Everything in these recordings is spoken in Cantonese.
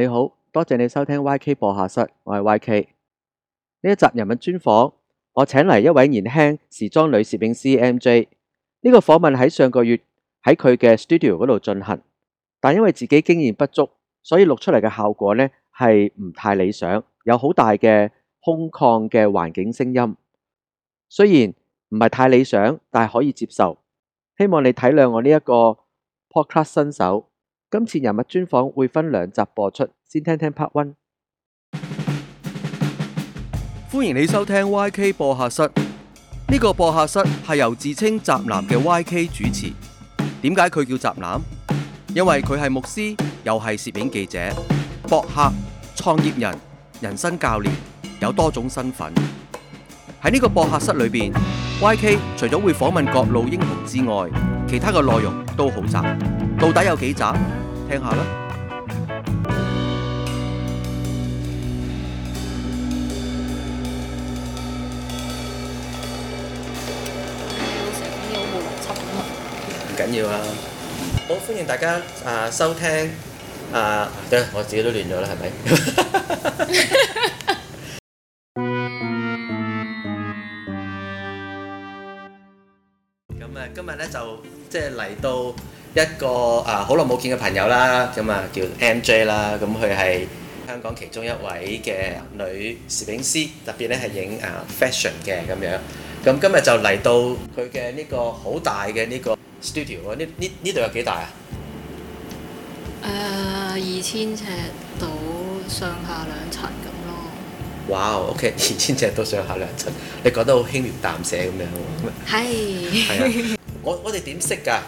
你好，多謝你收聽 YK 播客室，我係 YK。呢一集人物專訪，我請嚟一位年輕時裝女攝影師 M J。呢個訪問喺上個月喺佢嘅 studio 嗰度進行，但因為自己經驗不足，所以錄出嚟嘅效果呢係唔太理想，有好大嘅空曠嘅環境聲音。雖然唔係太理想，但係可以接受。希望你體諒我呢一個 podcast 新手。今次人物專訪會分兩集播出，先聽聽 Part One。歡迎你收聽 YK 播客室，呢個播客室係由自稱宅男嘅 YK 主持。點解佢叫宅男？因為佢係牧師，又係攝影記者、博客、創業人、人生教練，有多種身份。喺呢個播客室裏邊，YK 除咗會訪問各路英雄之外，其他嘅內容都好雜。到底有幾雜？聽下啦，要成要換插咁啊？唔緊要啊，好歡迎大家啊收聽啊，得我自己都亂咗啦，係咪？咁啊，今日咧就即係嚟到。一個啊，好耐冇見嘅朋友啦，咁啊叫 MJ 啦，咁佢係香港其中一位嘅女攝影師，特別咧係影啊 fashion 嘅咁樣。咁今日就嚟到佢嘅呢個好大嘅呢個 studio。呢呢呢度有幾大啊？誒，二千尺到上下兩層咁咯。哇、wow！OK，二千尺到上下兩層，你講得好輕描淡寫咁樣喎。係。係啊！我我哋點識㗎？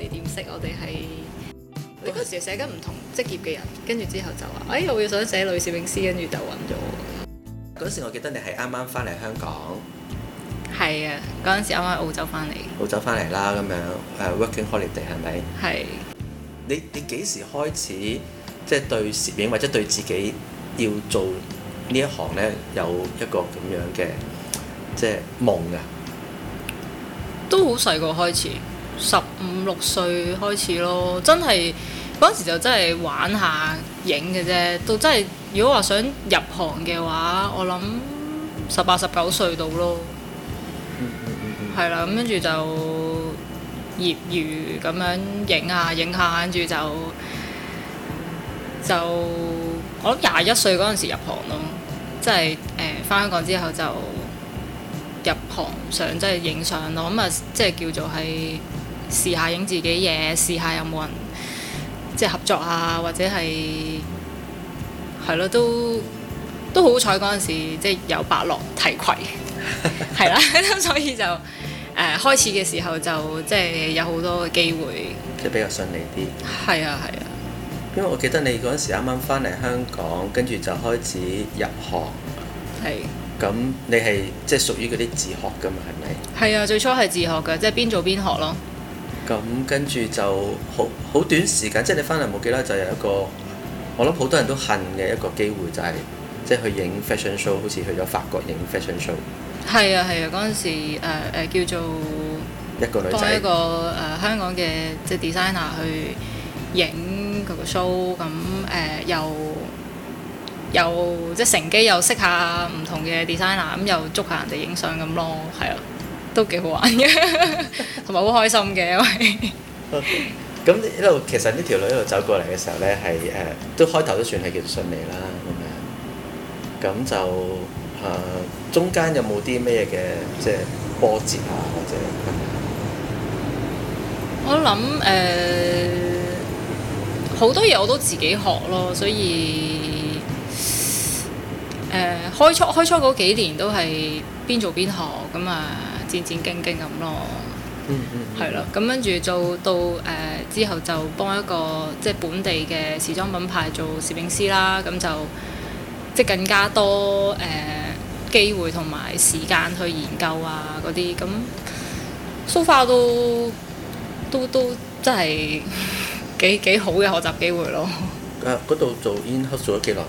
你點識我哋係？你嗰時，時寫緊唔同職業嘅人，跟住之後就話，哎，我要想寫女攝影師，跟住就搵咗我。嗰時我記得你係啱啱翻嚟香港。係啊，嗰陣時啱啱澳洲翻嚟。澳洲翻嚟啦，咁樣誒、uh，working holiday 係咪？係的。你你幾時開始即係對攝影或者對自己要做呢一行咧，有一個咁樣嘅即係夢嘅、啊？都好細個開始。十五六歲開始咯，真係嗰陣時就真係玩下影嘅啫。到真係如果話想入行嘅話，我諗十八十九歲到咯。嗯，係啦，咁跟住就業餘咁樣影下影下，跟住就就我諗廿一歲嗰陣時入行咯。即係誒，翻香港之後就入行想，真係影相咯。咁啊，即係叫做係。試下影自己嘢，試下有冇人即係合作啊，或者係係咯，都都好彩嗰陣時即係有伯樂提攜，係啦， 所以就誒、呃、開始嘅時候就即係有好多嘅機會，即係比較順利啲。係啊，係啊，因為我記得你嗰陣時啱啱翻嚟香港，跟住就開始入行，係咁的你係即係屬於嗰啲自學㗎嘛，係咪？係啊，最初係自學嘅，即係邊做邊學咯。咁跟住就好好短時間，即係你翻嚟冇幾耐，就有一個我諗好多人都恨嘅一個機會、就係，就係即係去影 fashion show，好似去咗法國影 fashion show。係啊係啊，嗰陣、啊、時誒、呃、叫做一個女仔，一個誒、呃、香港嘅即係 designer 去影嗰個 show，咁誒、呃、又又即係乘機又識下唔同嘅 designer，咁又捉下人哋影相咁咯，係啊。都幾好玩嘅，同埋好開心嘅。因為 咁一路其實呢條路一路走過嚟嘅時候呢，係誒、呃、都開頭都算係叫順利啦。咁樣，咁就誒、呃、中間有冇啲咩嘅即係波折啊？或者我諗誒好多嘢我都自己學咯，所以誒、呃、開初開初嗰幾年都係邊做邊學咁啊。戰戰兢兢咁咯，嗯，嗯嗯，係啦，咁跟住做到誒、呃、之後就幫一個即係本地嘅時裝品牌做攝影師啦，咁、嗯、就即係更加多誒機、呃、會同埋時間去研究啊嗰啲，咁 so far 都都都，都真係幾幾好嘅學習機會咯。嗰度、啊、做 in house 做咗幾耐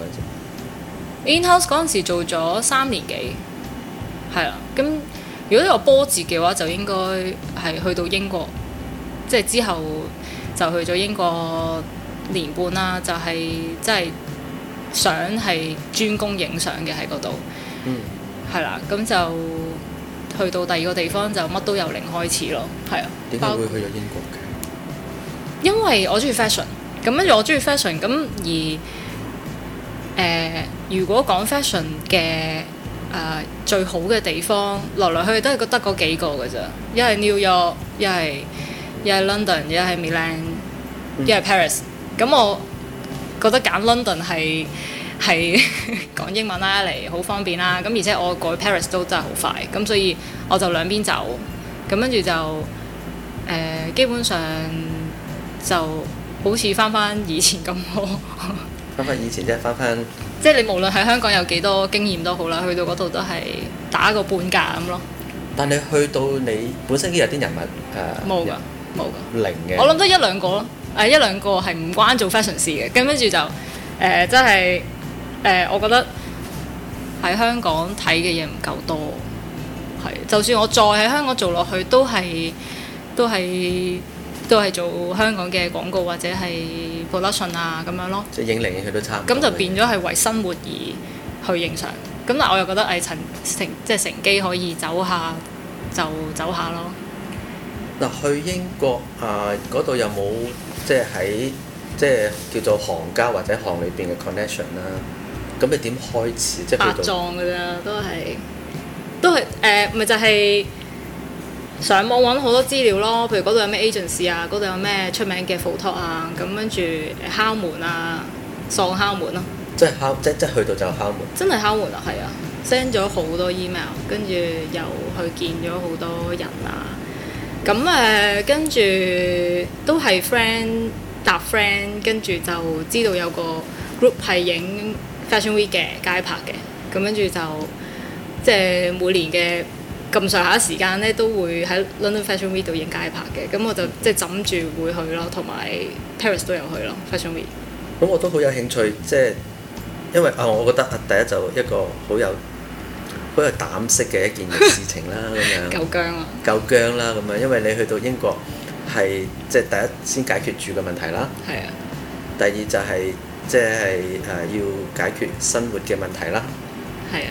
先？in house 嗰陣時做咗三年幾，係啦，咁、嗯，如果有波折嘅話，就應該係去到英國，即係之後就去咗英國年半啦，就係即係想係專攻影相嘅喺嗰度。嗯，係啦，咁就去到第二個地方就乜都由零開始咯。係啊，點解會去咗英國嘅？因為我中意 fashion，咁跟住我中意 fashion，咁而誒、呃，如果講 fashion 嘅。誒、uh, 最好嘅地方來來去去都係覺得嗰幾個㗎啫，一係紐約，一係一係 London，一係 Milan，一係 Paris。咁 on,、嗯、我覺得揀 London 係係 講英文啦嚟好方便啦、啊。咁而且我改 Paris 都真係好快。咁所以我就兩邊走。咁跟住就誒、呃、基本上就好似返返以前咁咯。 翻翻以前啫，翻翻即係你無論喺香港有幾多經驗都好啦，去到嗰度都係打個半價咁咯。但你去到你本身有啲人物冇、啊、㗎，冇㗎人零嘅的。我諗得一兩個咯，誒、嗯啊、一兩個係唔關做 fashion 事嘅。跟住就誒、呃、真係誒、呃，我覺得喺香港睇嘅嘢唔夠多。係，就算我再喺香港做落去都，都係都係。都係做香港嘅廣告或者係 production 啊咁樣咯，即係影嚟影去都差唔多。咁就變咗係為生活而去影相。咁、嗯、但我又覺得誒趁成即係成，成、就係、乘機可以走下就走下咯。嗱，去英國啊，嗰、呃、度有冇即係喺即係叫做行家或者行裏邊嘅 connection 啦、啊。咁你點開始？即係白撞㗎啫，都係都係誒，咪、呃、就係、是。呃就係上網揾好多資料咯，譬如嗰度有咩 agency 啊，嗰度有咩出名嘅 photographer 啊，咁跟住敲門啊，喪敲門咯，啊。即係敲，即即去到就敲門。真係敲門啊，係啊，send 咗好多 email，跟住又去見咗好多人啊，咁誒跟住都係 friend 搭 friend，跟住就知道有個 group 係影 Fashion Week 嘅街拍嘅，咁跟住就即係每年嘅。咁上下時間咧，都會喺 London Fashion Week 度影街拍嘅，咁我就即係諗住會去咯，同埋 Paris 都有去咯 Fashion Week。咁我都好有興趣，即、就、係、是、因為啊、哦，我覺得啊，第一就一個好有好有膽色嘅一件事情啦，咁 樣夠薑啊，夠薑啦、啊，咁樣，因為你去到英國係即係第一先解決住嘅問題啦，係啊。第二就係即係誒要解決生活嘅問題啦，係啊。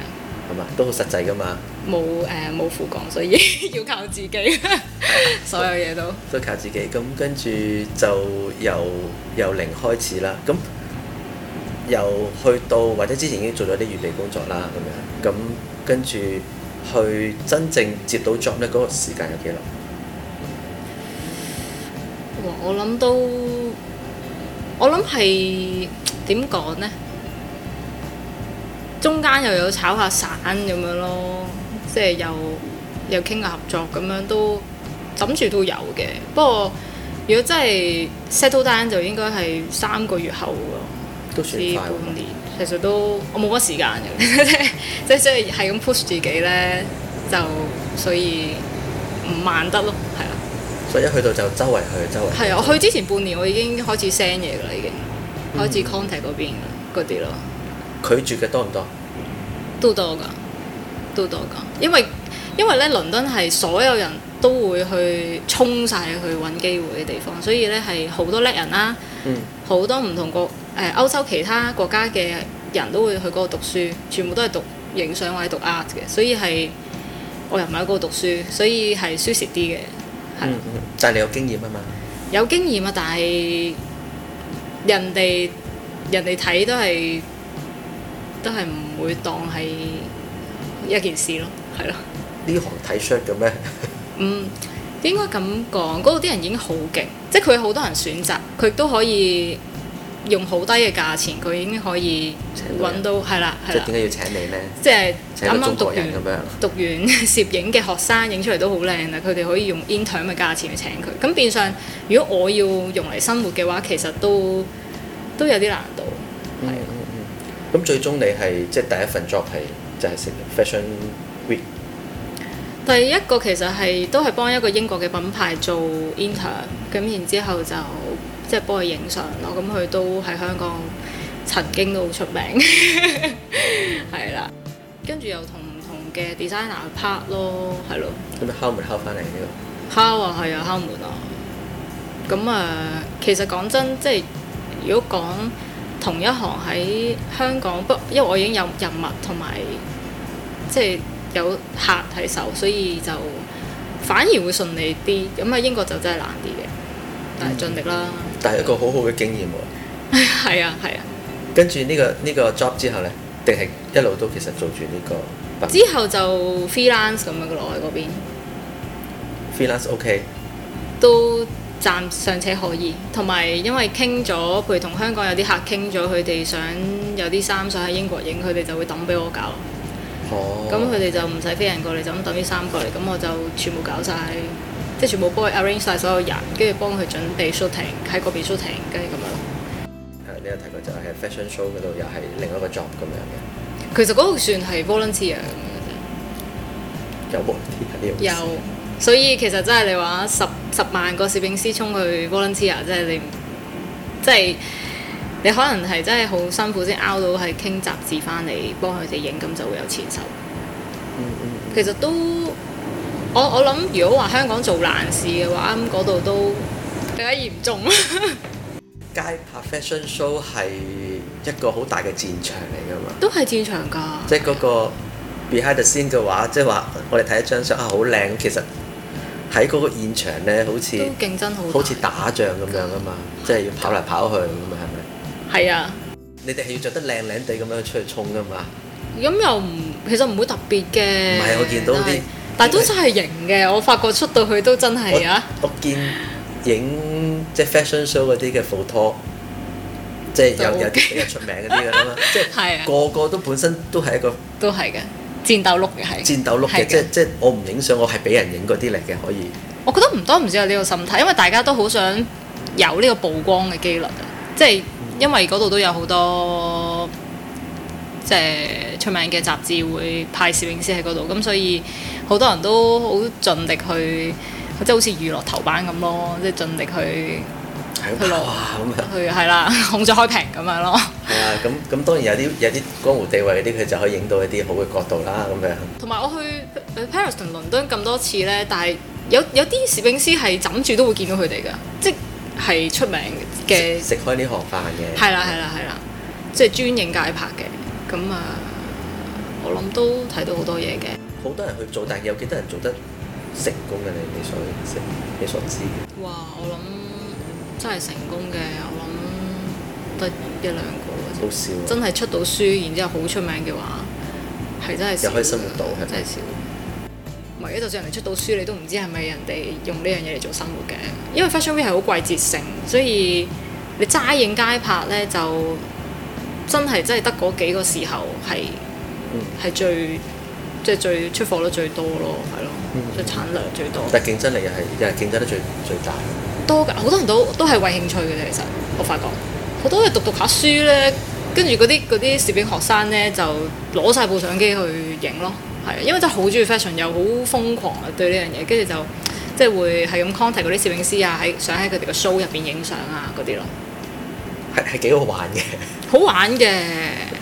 係咪，都好實際㗎嘛。冇誒冇副講，所以要靠自己， 所有嘢都都靠自己。咁跟住就由由零開始啦，咁又去到或者之前已經做咗啲預備工作啦，咁樣咁跟住去真正接到 job 呢，嗰個時間有幾耐？哇！我諗都我諗係點講呢？中間又有炒下散咁樣咯～即係又又傾下合作咁樣都諗住都有嘅，不過如果真係 settle down 就應該係三個月後咯，都算半年其實都我冇乜時間嘅， 即即係係咁 push 自己咧，就所以唔慢得咯，係啦。所以一去到就周圍去周圍去。係啊，我去之前半年我已經開始 send 嘢噶啦，已經、嗯、開始 contact 嗰邊嗰啲咯。拒絕嘅多唔多？都多㗎。都多講，因為因為咧，倫敦係所有人都會去衝晒去揾機會嘅地方，所以咧係好多叻人啦、啊、好、嗯、多唔同國誒、呃、歐洲其他國家嘅人都會去嗰度讀書，全部都係讀影相或者讀 art 嘅，所以係我又唔係喺嗰度讀書，所以係舒適啲嘅。係就係你有經驗啊嘛，有經驗啊，但係人哋人哋睇都係都係唔會當係。一件事咯，係咯？呢行睇 short 嘅咩？ 嗯，應該咁講，嗰度啲人已經好勁，即係佢好多人選擇，佢都可以用好低嘅價錢，佢已經可以揾到，係啦，係啦、嗯。即點解要請你咧？即係啱啱讀完咁樣讀,讀完攝影嘅學生，影出嚟都好靚啦。佢哋可以用 intern 嘅價錢去請佢。咁變相，如果我要用嚟生活嘅話，其實都都有啲難度。係、嗯，嗯嗯。咁、嗯嗯嗯、最終你係即係第一份 job 係？就係食 fashion week。第一個其實係都係幫一個英國嘅品牌做 inter，咁然後之後就即係、就是、幫佢影相咯。咁佢都喺香港曾經都好出名，係 啦。跟住又同唔同嘅 designer 去拍咯，係咯。咁咪敲門敲翻嚟呢個？敲啊，係啊，敲門啊。咁啊、呃，其實講真，即係如果講。同一行喺香港，不，因為我已經有人物同埋，即係有客喺手，所以就反而會順利啲。咁啊，英國就真係難啲嘅，但係盡力啦。但係一個好好嘅經驗喎。係啊，係啊。啊跟住呢個呢個 job 之後呢，定係一路都其實做住呢個。之後就 freelance 咁樣落去嗰邊。freelance OK。都。暫尚且可以，同埋因為傾咗譬如同香港有啲客傾咗，佢哋想有啲衫想喺英國影，佢哋就會等俾我搞。哦，咁佢哋就唔使飛人過嚟，就咁等啲衫過嚟，咁我就全部搞晒，即係全部幫佢 arrange 晒所有人，跟住幫佢準備 shooting 喺嗰邊 shooting，跟住咁樣。係，呢個題目就係 fashion show 嗰度又係另一個 job 咁樣嘅。其實嗰個算係 volunteer 嘅啫。有 volunteer 有，所以其實真係你話十。十萬個攝影師衝去 volunteer，即係你，即係你可能係真係好辛苦先 out 到，係傾雜誌翻嚟幫佢哋影，咁就會有錢收。嗯嗯，其實都我我諗，如果話香港做難事嘅話，咁嗰度都比較嚴重。 街拍 fashion show 係一個好大嘅戰場嚟㗎嘛，都係戰場㗎。即係嗰個 behind the scene 嘅話，即係話我哋睇一張相啊，好靚，其實。喺嗰個現場咧，好似都競爭好，好似打仗咁樣啊嘛，即係要跑嚟跑去咁、啊、嘛，係咪、嗯？係啊！你哋係要着得靚靚地咁樣出去衝噶嘛？咁又唔，其實唔會特別嘅。唔係，我見到啲，但都真係型嘅。為我發覺出到去都真係啊！我見影即係 fashion show 嗰啲嘅 photo，即係有有啲比較出名嗰啲啊嘛，即係個個都本身都係一個都係嘅。戰鬥碌嘅係，戰鬥碌嘅，即係即係我唔影相，我係俾人影嗰啲嚟嘅，可以。我覺得唔多唔少有呢個心態，因為大家都好想有呢個曝光嘅機率，即係因為嗰度都有好多即係出名嘅雜誌會派攝影師喺嗰度，咁所以好多人都好盡力去，即係好似娛樂頭版咁咯，即係盡力去。去咯，咁樣去係啦，孔雀開屏咁樣咯。係啊，咁咁當然有啲有啲江湖地位嗰啲，佢就可以影到一啲好嘅角度啦。咁樣同埋我去 Paris 同倫敦咁多次咧，但係有有啲攝影師係枕住都會見到佢哋嘅，即係出名嘅食、食開呢行飯嘅。係啦係啦係啦，即係專影街拍嘅。咁啊，啊啊啊就是、我諗都睇到好多嘢嘅。好多人去做，但係有幾多人做得成功嘅？你所你所認識你所知嘅？哇！我諗。真係成功嘅，我諗得一兩個好少、啊。真係出到書，然之後好出名嘅話，係真係少。又可以生活到，係真係少。唔係就算人哋出到書，你都唔知係咪人哋用呢樣嘢嚟做生活嘅。因為 Fashion Week 係好季節性，所以你齋影街拍咧，就真係真係得嗰幾個時候係係、嗯、最即係、就是、最出貨率最多咯，係咯，即係、嗯、產量最多。但競爭力又係又係競爭得最最大。多嘅好多人都都係為興趣嘅其實，我發覺好多去讀讀下書呢，跟住嗰啲嗰啲攝影學生呢，就攞晒部相機去影咯，係啊，因為真係好鍾意 fashion 又好瘋狂啊對呢樣嘢，跟住就即係會係咁 contact 嗰啲攝影師啊，喺想喺佢哋嘅 show 入邊影相啊嗰啲咯，係係幾好玩嘅，好玩嘅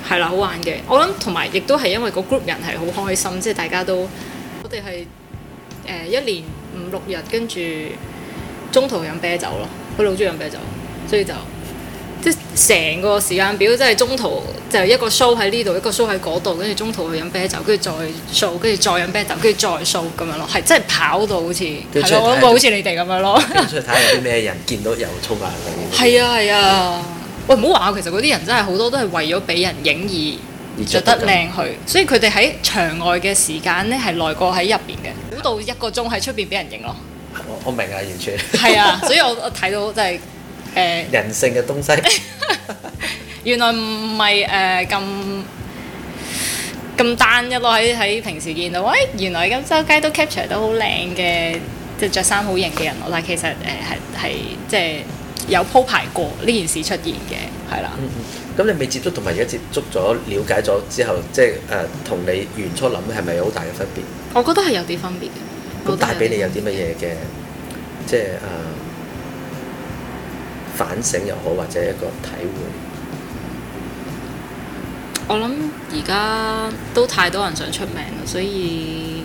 係啦，好玩嘅我諗同埋亦都係因為個 group 人係好開心，即係大家都我哋係、呃、一年五六日跟住。中途飲啤酒咯，佢老鍾意飲啤酒，所以就即係成個時間表，即係中途就一個 show 喺呢度，一個 show 喺嗰度，跟住中途去飲啤酒，跟住再 show，跟住再飲啤酒，跟住再 show 咁樣咯，係真係跑到好似，係咯的，咁冇好似你哋咁樣咯。出去睇下有啲咩人見到又衝埋嚟？係啊係啊， 喂唔好話我，其實嗰啲人真係好多都係為咗俾人影而着得靚去，所以佢哋喺場外嘅時間咧係耐過喺入邊嘅，估到一個鐘喺出邊俾人影咯。我明啊，完全係 啊，所以我我睇到就係誒人性嘅東西，原來唔係誒咁咁單嘅咯。喺喺平時見到，喂，原來咁周街都 capture 到好靚嘅，即係著衫好型嘅人咯。但其實誒係係即係有鋪排過呢件事出現嘅，係啦。嗯嗯，咁你未接觸同埋而家接觸咗、了解咗之後，即係誒同你原初諗係咪有好大嘅分別？我覺得係有啲分別嘅。帶俾你有啲乜嘢嘅，即係、呃、反省又好，或者一個體會。我諗而家都太多人想出名啦，所以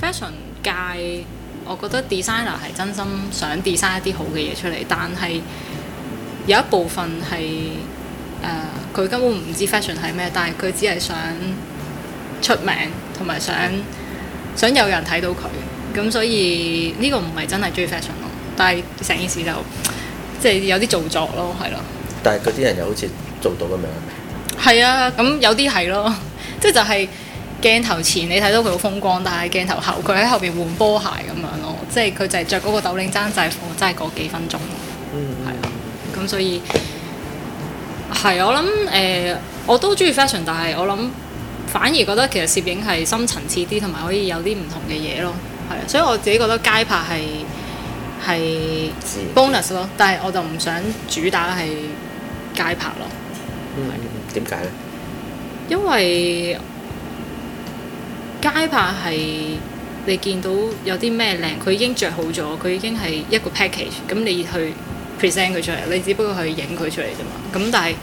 fashion 界我覺得 designer 係真心想 design 一啲好嘅嘢出嚟，但係有一部分係佢、呃、根本唔知 fashion 係咩，但係佢只係想出名同埋想。想有人睇到佢，咁所以呢個唔係真係中意 fashion 咯，但係成件事就即係、就是、有啲做作咯，係咯。但係嗰啲人又好似做到咁樣。係啊，咁有啲係咯，即 係就係鏡頭前你睇到佢好風光，但係鏡頭後佢喺後邊換波鞋咁樣咯，即係佢就係着嗰個斗領衫制服，真係嗰幾分鐘。嗯，嗯，係啊，咁所以係啊我諗，誒、呃、我都中意 fashion，但係我諗。反而覺得其實攝影係深層次啲，同埋可以有啲唔同嘅嘢咯，係啊，所以我自己覺得街拍係係 bonus 咯，但係我就唔想主打係街拍咯。嗯，點解呢？因為街拍係你見到有啲咩靚，佢已經着好咗，佢已經係一個 package，咁你去 present 佢出嚟，你只不過去影佢出嚟啫嘛。咁但係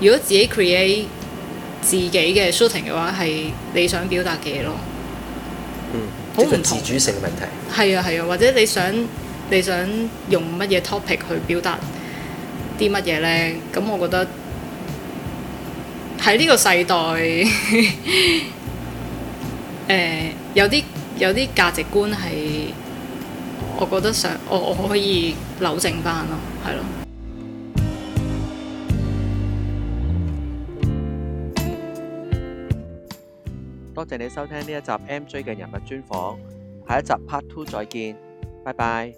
如果自己 create，自己嘅 shooting 嘅話係你想表達嘅嘢咯，嗯，好、就、唔、是、自主性嘅問題。係啊係啊，或者你想你想用乜嘢 topic 去表達啲乜嘢呢？咁我覺得喺呢個世代，誒、 呃、有啲有啲價值觀係我覺得想我我可以扭正翻咯，係咯、啊。多謝你收聽呢一集 MJ 嘅人物專訪，下一集 Part Two 再見，拜拜。